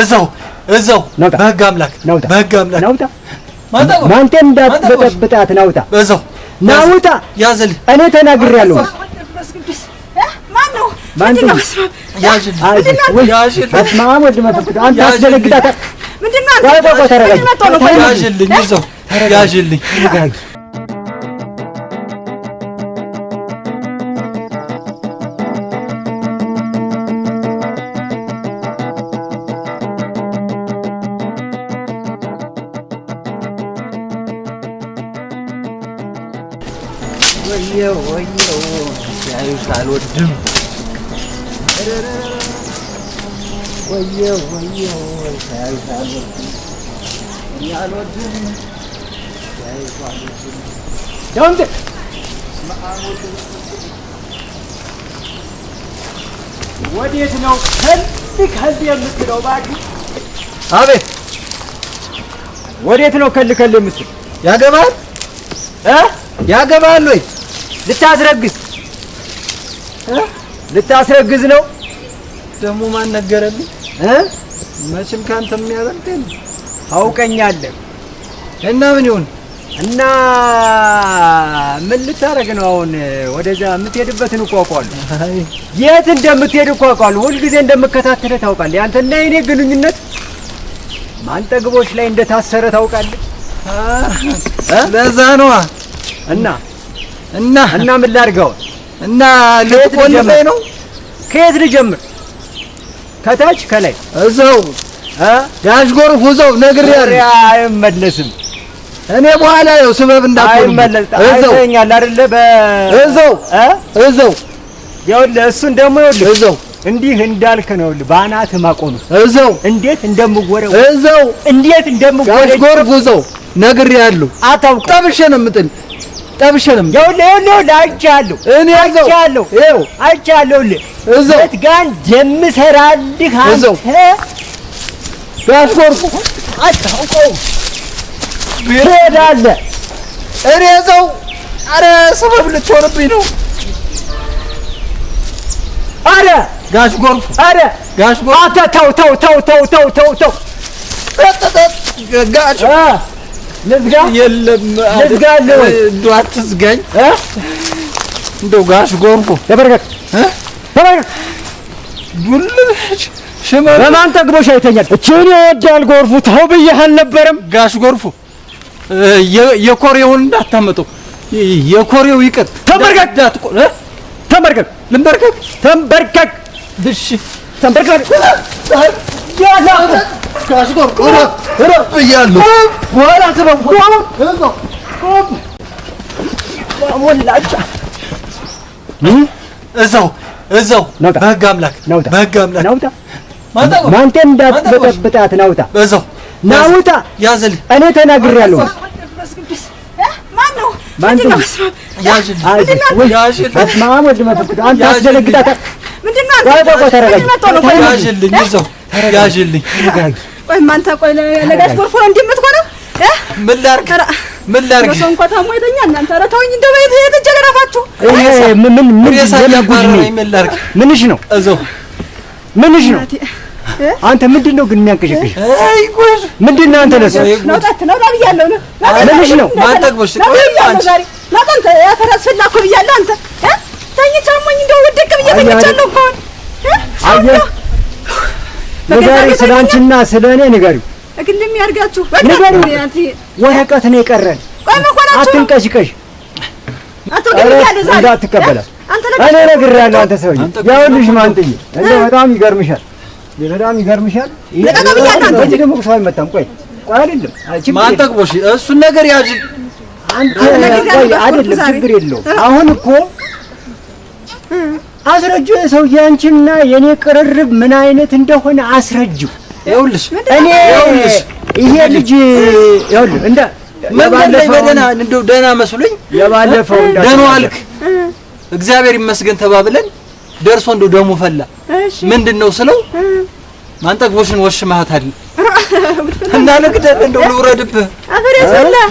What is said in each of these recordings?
እዛው እዛው በህግ አምላክ በህግ አምላክ ማንተን እንዳትበጠብጣት ናውጣ እዛው ናውጣ ያዘልህ እኔ ተናግሬያለሁ። ምንድን ነው? ወየው ወዴት ነው ከልክ ከል የምትለው? እባክህ አቤት። ወዴት ነው ከል ከል የምትለው? ያገባል እ ያገባል ወይ ልታስረግዝ እ ልታስረግዝ ነው ደግሞ ማን ነገረልኝ? መቼም ካንተ የሚያደርገን አውቀኛለሁ። እና ምን ይሁን እና ምን ልታረግ ነው አሁን? ወደዛ የምትሄድበትን እኮ አውቀዋለሁ። የት እንደምትሄድ እኮ አውቀዋለሁ። ሁልጊዜ እንደምከታተልህ ታውቃለህ። ያንተና የኔ ግንኙነት ማንጠግቦች ላይ እንደታሰረ ታውቃለህ። ለዛ ነዋ። እና እና እና ምን ላድርገው? እና ልትቆልፈኝ ነው? ከየት ልጀምር? ከታች ከላይ እዛው ዳሽጎር ጎርፍ ነግር ያለ አይመለስም። እኔ በኋላ ያው ስበብ እንዳትሆን አይመለስ አይተኛል አይደለ በእዛው እዛው ይኸውልህ፣ እሱን ደግሞ ይኸውልህ እዛው እንዲህ እንዳልክ ነው። ባናት ማቆም እዛው እንዴት እንደምወረው እዛው እንዴት እንደምወረው ዳሽ ጎርፍ ውዘው ነግር ያሉ አታውቅ ጠብሼ ነው የምጥል ጠብሸንም ለውለውለ አይቻለሁ እኔ አይቻለሁ ይኸው አይቻለሁ። እዛው ጋን የምሰራልህ አንተ ያስቆርኩ አታውቀው ትሄዳለህ። እኔ እዛው አረ ሰበብ ልትሆንብኝ ነው። አረ ጋሽ ጎርፉ አረ ጋሽ ጎርፉ አታ ተው ተው ተው ተው ተው ተው ተው ልዝጋ? የለም ልዝጋለሁ። እንደው አትዝጋኝ። እንደው ጋሽ ጎርፉ ተበረከክ ተበረከክ። ዱልሽ ሽመል በማን ጠግቦሽ አይተኛል? እችን የወዳል ጎርፉ። ተው ብዬሽ አልነበረም? ጋሽ ጎርፉ የኮሬውን እንዳታመጠው፣ የኮሬው ይቅር። ተንበርከክ ተንበርከክ ልንበርከክ ተንበርከክ ብሽ ተንበርከክ እዛው እዛው በህግ አምላክ በህግ አምላክ ማንተን እንዳትበጠብጣት ናውጣ እዛው ናውጣ ያዘልህ እኔ ተናግሬያለሁ። ማነው ያዥልኝ። ቆይ ማንተ ቆይ ለነጋሽ ጎርፎ እንደምትሆነው ምን ላድርግ ምን ላድርግ? ሰው እንኳን ታሞ የተኛ እናንተ። ኧረ ተውኝ፣ ምን ምን ምንሽ ነው? እዛው ምንሽ ነው? አንተ ምንድን ነው ግን የሚያንቀሸቅሽ? አይ ምንድን ነው አንተ? ለሰው ነው ምንሽ ነው? አንቺ ብያለሁ። አንተ እንደው ወደቅ ብዬ ተኝቻለሁ እኮ አየህ ንገሪ፣ ስለ አንቺና ስለ እኔ ንገሪው። ግልም ያርጋችሁ ንገሪው። ወረቀት ነው የቀረን። አትንቀሽቀሽ፣ እንዳትቀበላት። እኔ እነግርሃለሁ። አንተ ሰውዬ ያውልሽ ማንጥዬ፣ እንደው በጣም ይገርምሻል፣ በጣም ይገርምሻል። በዚህ ደግሞ ሰው አይመጣም። ቆይ ቆይ፣ አይደለም ማን ጠቅሞሽ? እሱን ነገር ያዥ አንተ። ቆይ አይደለም፣ ችግር የለውም። አሁን እኮ አስረጁ የሰው ያንቺና የኔ ቅርርብ ምን አይነት እንደሆነ አስረጁ። ይኸውልሽ እኔ ይሄ ልጅ ይኸውልህ እንደ የባለፈው ደህና እንደው ደህና መስሎኝ የባለፈው ደህና አልክ እግዚአብሔር ይመስገን ተባብለን ደርሶ እንደው ደሙ ፈላ። ምንድን ነው ስለው ማንጠግቦሽን ወሽ ማህታል እና ለግደህ እንደው ልውረድብህ አፈር ያስበላህ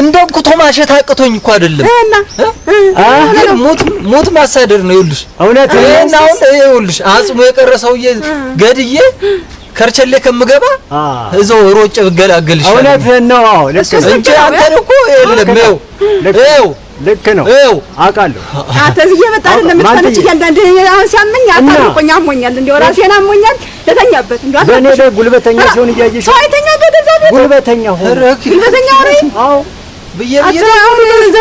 እንደውም ኩቶ ማሸት አቅቶኝ እኮ አይደለም። አሁን ሞት ሞት ማሳደር ነው። ይኸውልሽ እውነት ነው። አሁን ይኸውልሽ አጽሙ የቀረ ሰውዬ ገድዬ ከርቸሌ ከምገባ እዛው ሮጬ ብገላገልሽ። እውነት ነው። አዎ ለሱ እንጂ አንተን እኮ የለም ነው ልክ ነው። እው አውቃለሁ። አተዚህ እየመጣ አይደለም የምትፈነጭ እያንዳንድ አሁን ሲያመኝ አታውቆኝ አሞኛል፣ እንደው ራሴን አሞኛል። ለተኛበት እንደው በእኔ ላይ ጉልበተኛ ሲሆን እያየሽ ሰው አይተኛ ገደዛ ቤት ጉልበተኛ ሆነ ጉልበተኛ ሆነ። አዎ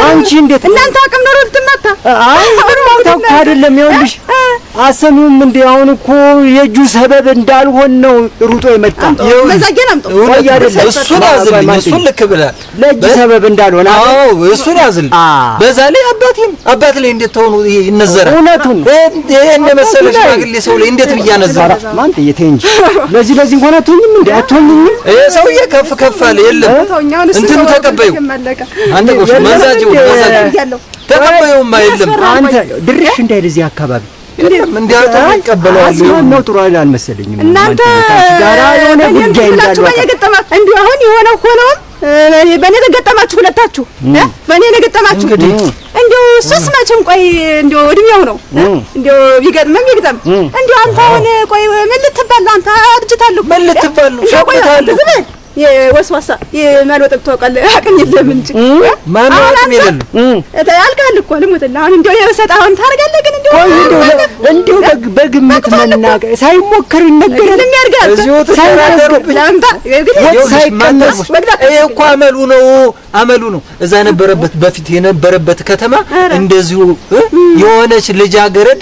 አንቺ እንዴት እናንተ አቅም ኖሮ ልትመታ? አይ አይደለም፣ ይኸውልሽ አሰሚውም እንደ አሁን እኮ የእጁ ሰበብ እንዳልሆን ነው ሩጦ የመጣ እሱን እሱን ልክ ለእጅ ሰበብ እንዳልሆን አዎ፣ እሱን በዛ ላይ አባቴም አባት ላይ እንዴት ተሆኑ ይነዘራል። እውነቱን ይሄ እንደ መሰለ ሽማግሌ ሰው ላይ እንዴት ማን ጥይቴ እንጂ ለዚህ ለዚህ ይሄ ሰውዬ ከፍ ከፍ አለ የለም እንትኑ ተቀበዩ አንተ ተቀበዩማ የለም አንተ ድርሽ እንዳይል እዚህ አካባቢ አስማማው ጥሩ አልመሰለኝም። እንዲሁ አሁን የሆነ ሆነውም በእኔ ተገጠማችሁ፣ ሁለታችሁ በእኔ ተገጠማችሁ። እንዲሁ እሱስ መቼም ቆይ እንዲሁ እድሜው ነው እንዲሁ ቢገጥምም ይግጠም። እንዲሁ አንተ አሁን ቆይ ምን ልትባል አንተ አርጅታለሁ ምን ልትባል ነው? ቆይ ዝም የወስዋሳ የማልወጠብ ታውቃለህ። አቅም የለም እንጂ ማልወጠብ የለም አልካል እኮ ልሙትና አሁን እንደው የሰጥ አሁን ታደርጋለህ። ግን እንደው እንደው በግምት መናቀ ሳይሞክር ይነገራል። ይሄ እኮ አመሉ ነው አመሉ ነው። እዛ ነበረበት በፊት የነበረበት ከተማ እንደዚሁ የሆነች ልጃገረድ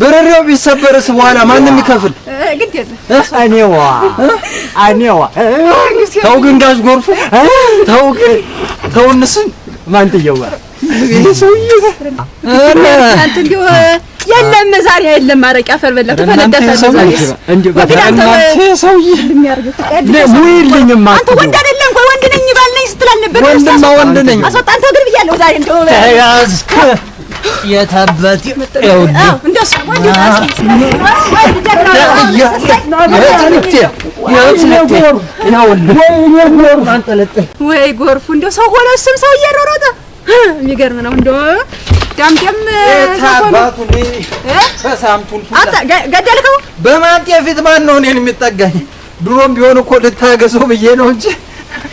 በረሪያው ቢሰበርስ በኋላ ማንም ይከፍል? እኔዋ እኔዋ ተው ግን ጎርፉ ተው ተው እንስን ማን ጥየዋ የለም ዛሬ የለም አፈር ሰውዬ ሙይልኝማ አንተ ወንድ አይደለም ባል ነኝ ስትል አልነበረ? ወንድማ ወንድ ነኝ። አስወጣን ተግር ብያለሁ። ዛሬ እንደው ተያዝክ የተበት ወይ ጎርፉ እንደው ሰው ሆነ። እሱም ሰው እየሮሮጠ የሚገርም ነው እንደው ዳምጤም ገደልከው በማንጤ ፊት ማን ነው እኔን የሚጠጋኝ? ድሮም ቢሆን እኮ ልታገሰው ብዬ ነው እንጂ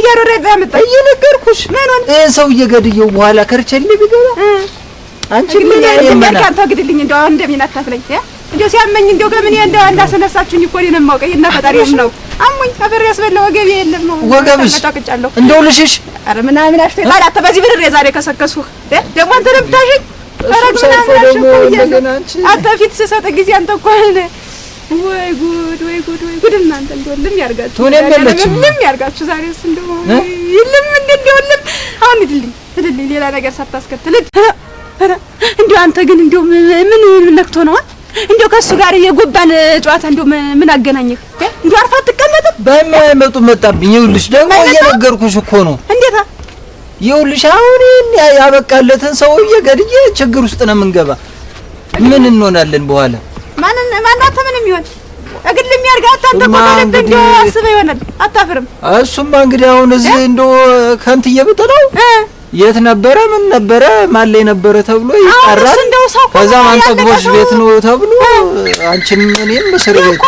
እያሮረጠ ያመጣ እየነገርኩሽ ምኑን ይሄን ሰው እየገድየው በኋላ ከርቸሌ ቢገባ አንቺ ምን ያየምና አንተ ግድልኝ እንደው እንደምን አታፍለኝ እንደው ሲያመኝ እንደው ከምን እንደው እንዳስነሳችሁኝ እኮ እኔን የማውቀኝ እና ፈጣሪሽ ነው። አሙኝ አፈር ያስበላ ወገብ የለም ነው ወገብሽ ተቀጫለሁ። እንደው ልሽሽ አረ ምን አምን አሽተ ታዲያ አንተ በዚህ ብር የዛሬ ከሰከስኩ ደግሞ አንተ ለምታሽኝ አረ ምን አምን አሽተ አንተ ፊት ስሰጥ ጊዜ አንተ እኮ ወይ ጉድ ወይ ጉድ ወይ ጉድ! እናንተ እንደው ያርጋችሁ፣ እኔም የለችም ምንም ያርጋችሁ። ዛሬስ እንደው ይልም እንደው ልም አሁን ይድልኝ ይድልኝ፣ ሌላ ነገር ሳታስከትል እንደው አንተ ግን እንደው ምን ነክቶ ነው እንደው ከእሱ ጋር የጎባን ጨዋታ እንደው ምን አገናኘህ? እንደው አርፋ አትቀመጥም? በማይመጡ መጣብኝ። ይኸውልሽ ደግሞ እየነገርኩሽ እኮ ነው። እንዴታ! ይኸውልሽ አሁን ያበቃለትን ሰውዬ ገድዬ ችግር ውስጥ ነው የምንገባ። ምን እንሆናለን በኋላ ማንን ማናተ ምንም ይሆን እግል የሚያርጋ አታንተ አስበ ይሆናል። አታፍርም። እሱማ እንግዲህ አሁን እዚህ የት ነበረ ምን ነበረ ማን ላይ ነበረ ተብሎ ይጣራል። ከዛ ቤት ነው ተብሎ እኔም እስር ቤት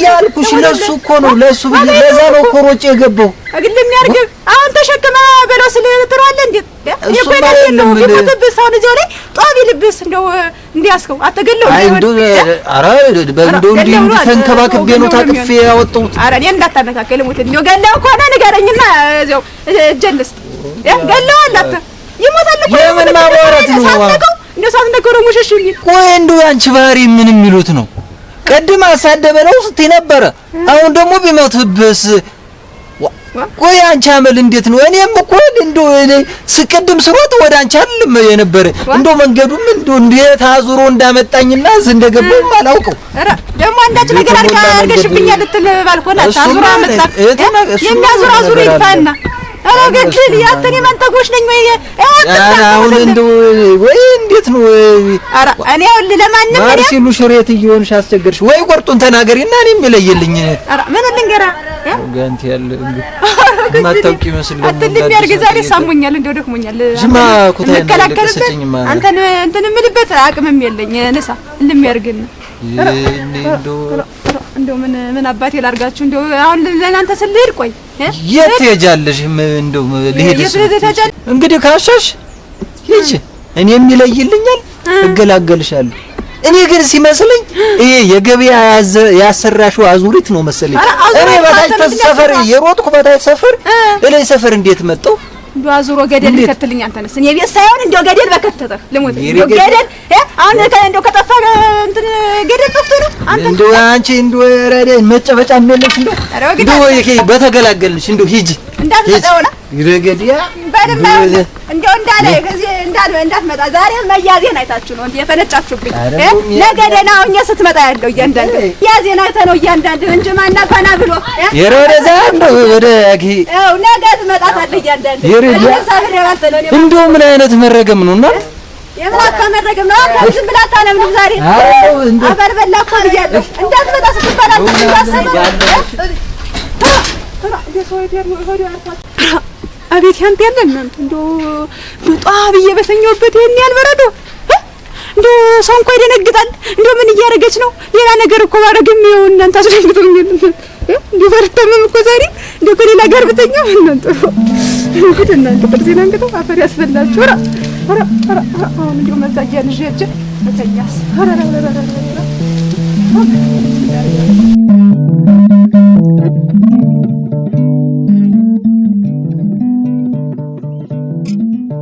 እያልኩሽ እኮ ነው ለዛ ነው የገባው ግል የሚያርግህ አሁን ተሸክመ በለው ስል ትለዋለህ። እንዴ አሁን እዚያው ላይ ጧቢ ልብስ እንደው እንዲያስከው አትገለው። ኧረ እንደው እንዲህ ተንከባክቤ ነው ታቅፌ ያወጣሁት። ኧረ እኔ እንዳታነካከል ሞት እንደው ገለው ከሆነ ንገረኝና እዚያው እጄን ልስጥ። ገለው አላት ይሞታል እኮ የምን ማባራት ነው እንደው ሳትነገረው ሙሽሽ ቆይ እንደው ያንቺ ባህሪ ምን የሚሉት ነው? ቅድም አሳደበ ስትይ ነበረ። አሁን ደግሞ ቢሞትብህስ ቆይ አንቺ አመል እንዴት ነው? እኔም እኮ እንደው እኔ ስቅድም ስሮጥ ወደ አንቺ አይደለም የነበረ እንዶ መንገዱም እንዶ እንዴት አዙሮ እንዳመጣኝና እዚህ እንደገባሁም አላውቀው። ኧረ ደግሞ አንዳች ነገር አድርገሽብኛል ልትል ባልኮና አዙሮ አመጣ የሚያዙር አዙሮ ይፋና ኧረ ገድል አንተ እኔ መንተጎች ነኝ ወይ? አሁን እንደው ወይ እንዴት ነው? ኧረ እኔ ይኸውልህ ለማንም ማር ሲሉ ሽሬት እየሆንሽ አስቸገርሽ ወይ? ቆርጡን ተናገሪና እኔ የሚለየልኝ ኧረ ምን ልንገራ ጋንቲ ያለ እንግዲህ ማታውቂ መስል አትልም ያርግ ዛሬ ሳሙኛል፣ እንደው ደክሞኛል። ጅማ ኩታይ ነው አንተን እንትን የምልበት አቅምም የለኝ ነሳ ልም ያርግና እንደው ምን ምን አባቴ ላድርጋችሁ? እንደው አሁን ለእናንተ ስልሄድ ቆይ የት ትሄጃለሽ? እንደው ልሄድስ እንግዲህ ካሻሽ ልጅ እኔም ይለይልኛል፣ እገላገልሻለሁ። እኔ ግን ሲመስለኝ ይሄ የገበያ ያሰራሽው አዙሪት ነው መሰለኝ። እኔ በታች ሰፈር የሮጥኩ በታች ሰፈር እላይ ሰፈር እንዴት መጣሁ እንዲ አዙሮ ገደል ሊከትልኝ አንተነስ እኔ ቤት ሳይሆን እንዲ ገደል በከተተህ ልሙት። ገደል እ አሁን እንዲ ከጠፋ እንትን ገደል ጠፍቶ ነው። አንተ አንቺ እንዲ ረደ መጨበጫ የለሽ ይሄ በተገላገልሽ እንዲ ሂጂ እንዳትመጣ ሆና ይረገዲያ በደምብ እንደው እንዳለ ከዚህ እንዳለ እንዳትመጣ ዛሬ መያዜን አይታችሁ ነው እንዴ የፈነጫችሁብኝ? ነገ ደህና ስትመጣ ያለው እያንዳንዱ መያዜን አይተህ ነው እያንዳንዱ እንጂ ማና ቀና ብሎ የረረዛ እንደው ወደ አኪ አው ነገ ትመጣታለህ እያንዳንዱ ይረዳ ሳብር ያባተ ነው እንደው ምን አይነት መረገም ነው እና የምላካ መረገም ነው አንተ ዝም ብላ ታለምንም ዛሬ አፈር በላ እኮ ብያለሁ እንዳትመጣ ስትባላት ያሰበ አቤት ያንተ ያለ እናንተ እንዶ ብጧ ብዬ በሰኘሁበት ይሄን ያህል በረዶ እንዶ ሰው እንኳ ይደነግጣል። እንዶ ምን እያደረገች ነው? ሌላ ነገር እኮ ባደረግም ይኸው እናንተ አስደንግጡኛል። እንዶ ፈርተምም እኮ ዛሬ እንዶ ከሌላ ጋር ብተኛ እናንተ እንግዲህ እናንተ በርዜና እንግዲህ አፈር ያስበላችሁ። ኧረ ኧረ ኧረ አሁን እንዲሁ መዛጊያ ልጅ ያጭ በተኛስ ኧረ ኧረ ኧረ ኧረ